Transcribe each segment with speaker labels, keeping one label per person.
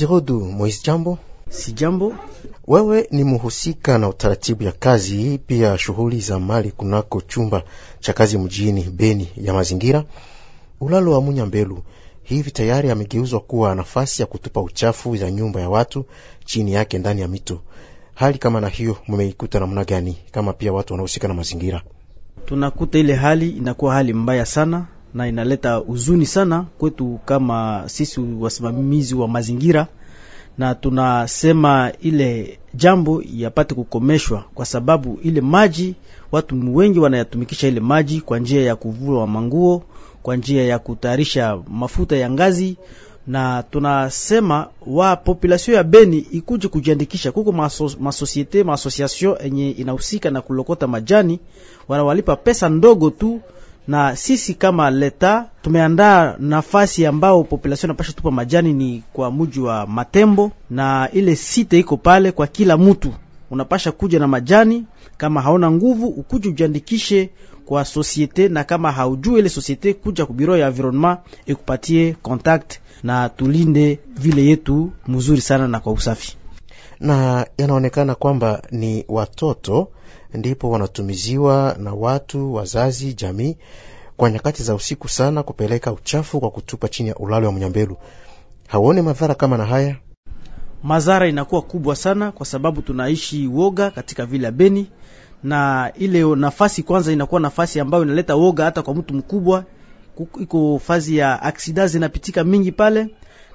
Speaker 1: Kajirodu Moise, jambo. Si jambo. Wewe ni muhusika na utaratibu ya kazi hii pia shughuli za mali kunako chumba cha kazi mjini Beni ya mazingira ulalo wa munya mbelu hivi tayari amegeuzwa kuwa nafasi ya kutupa uchafu za nyumba ya watu chini yake ndani ya mito. Hali kama na hiyo mumeikuta namna gani? Kama pia watu wanaohusika na mazingira,
Speaker 2: tunakuta ile hali
Speaker 1: inakuwa hali
Speaker 2: mbaya sana na inaleta huzuni sana kwetu kama sisi wasimamizi wa mazingira, na tunasema ile jambo yapate kukomeshwa, kwa sababu ile maji watu wengi wanayatumikisha ile maji kwa njia ya kuvua manguo, kwa njia ya kutayarisha mafuta ya ngazi na tunasema wa population ya Beni ikuje kujiandikisha kuko maso, masosiete maasosiasio enye inahusika na kulokota majani, wanawalipa pesa ndogo tu na sisi kama leta tumeandaa nafasi ambao population napasha tupa majani ni kwa muji wa Matembo, na ile site iko pale kwa kila mtu unapasha kuja na majani. Kama haona nguvu, ukuje ujiandikishe kwa societe, na kama haujue ile societe, kuja ku biro ya environnement ikupatie contact, na tulinde vile yetu
Speaker 1: mzuri sana na kwa usafi na yanaonekana kwamba ni watoto ndipo wanatumiziwa na watu wazazi, jamii kwa nyakati za usiku sana kupeleka uchafu kwa kutupa chini ya ulalo wa Mnyambelu. Hauone madhara kama na haya? Madhara inakuwa kubwa sana,
Speaker 2: kwa sababu tunaishi woga katika vile ya Beni, na ile nafasi kwanza inakuwa nafasi ambayo inaleta woga hata kwa mtu mkubwa. Iko fazi ya aksida zinapitika mingi pale,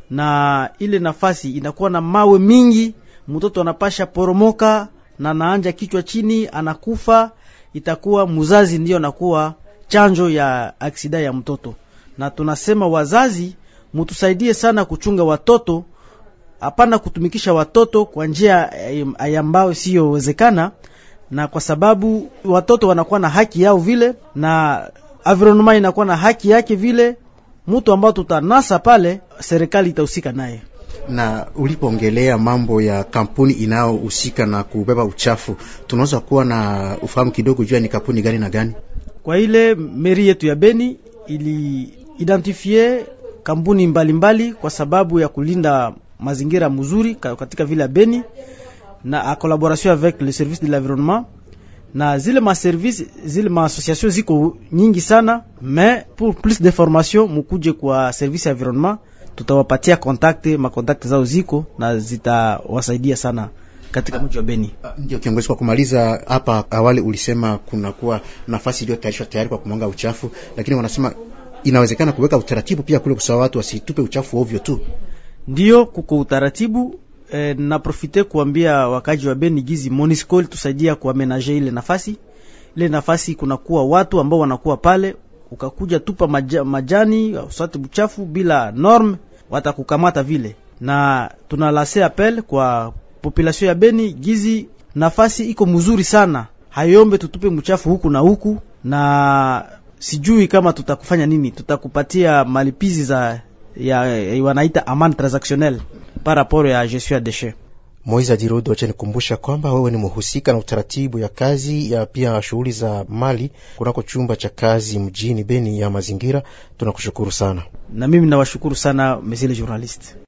Speaker 2: na ile nafasi inakuwa na mawe mingi mtoto anapasha poromoka na naanja kichwa chini, anakufa. Itakuwa mzazi ndiyo anakuwa chanjo ya aksida ya mtoto, na tunasema wazazi mutusaidie sana kuchunga watoto, hapana kutumikisha watoto kwa njia ambayo siyowezekana, na kwa sababu watoto wanakuwa na haki yao vile na environment inakuwa na haki yake vile. Mtu ambao tutanasa pale, serikali itahusika naye
Speaker 1: na ulipoongelea mambo ya kampuni inayohusika na kubeba uchafu, tunaweza kuwa na ufahamu kidogo juu ni kampuni gani na gani?
Speaker 2: Kwa ile meri yetu ya Beni ili kampuni mbalimbali mbali kwa sababu ya kulinda mazingira mzuri katika vile ya Beni na a collaboration avec le service de l'environnement na zile ma service zile ma association ziko nyingi sana, mais pour plus d'information mukuje kwa service ya environnement tutawapatia kontakte, makontakte zao
Speaker 1: ziko na zitawasaidia sana katika ah, mji wa Beni. Ah, ndio kiongozi, kwa kumaliza hapa, awali ulisema kunakuwa nafasi iliyotayarishwa tayari kwa kumwanga uchafu, lakini wanasema inawezekana kuweka utaratibu pia kule kusawa watu wasitupe uchafu ovyo tu. Ndio kuko
Speaker 2: utaratibu e, na profite kuambia wakaji wa Beni gizi Monisco tusaidia kuamenaje ile nafasi ile nafasi kunakuwa watu ambao wanakuwa pale ukakuja tupa maja, majani usati mchafu bila norme, watakukamata vile. Na tunalase apel kwa population ya Beni gizi, nafasi iko mzuri sana, hayombe tutupe mchafu huku na huku, na sijui kama tutakufanya nini, tutakupatia malipizi za ya, ya wanaita aman transactionnel par rapport ya gestion ya déchets.
Speaker 1: Moise Adirudi wachanikumbusha kwamba wewe ni muhusika na utaratibu ya kazi ya pia shughuli za mali kunako chumba cha kazi mjini Beni ya mazingira. Tunakushukuru sana. Na mimi nawashukuru sana mesile journaliste.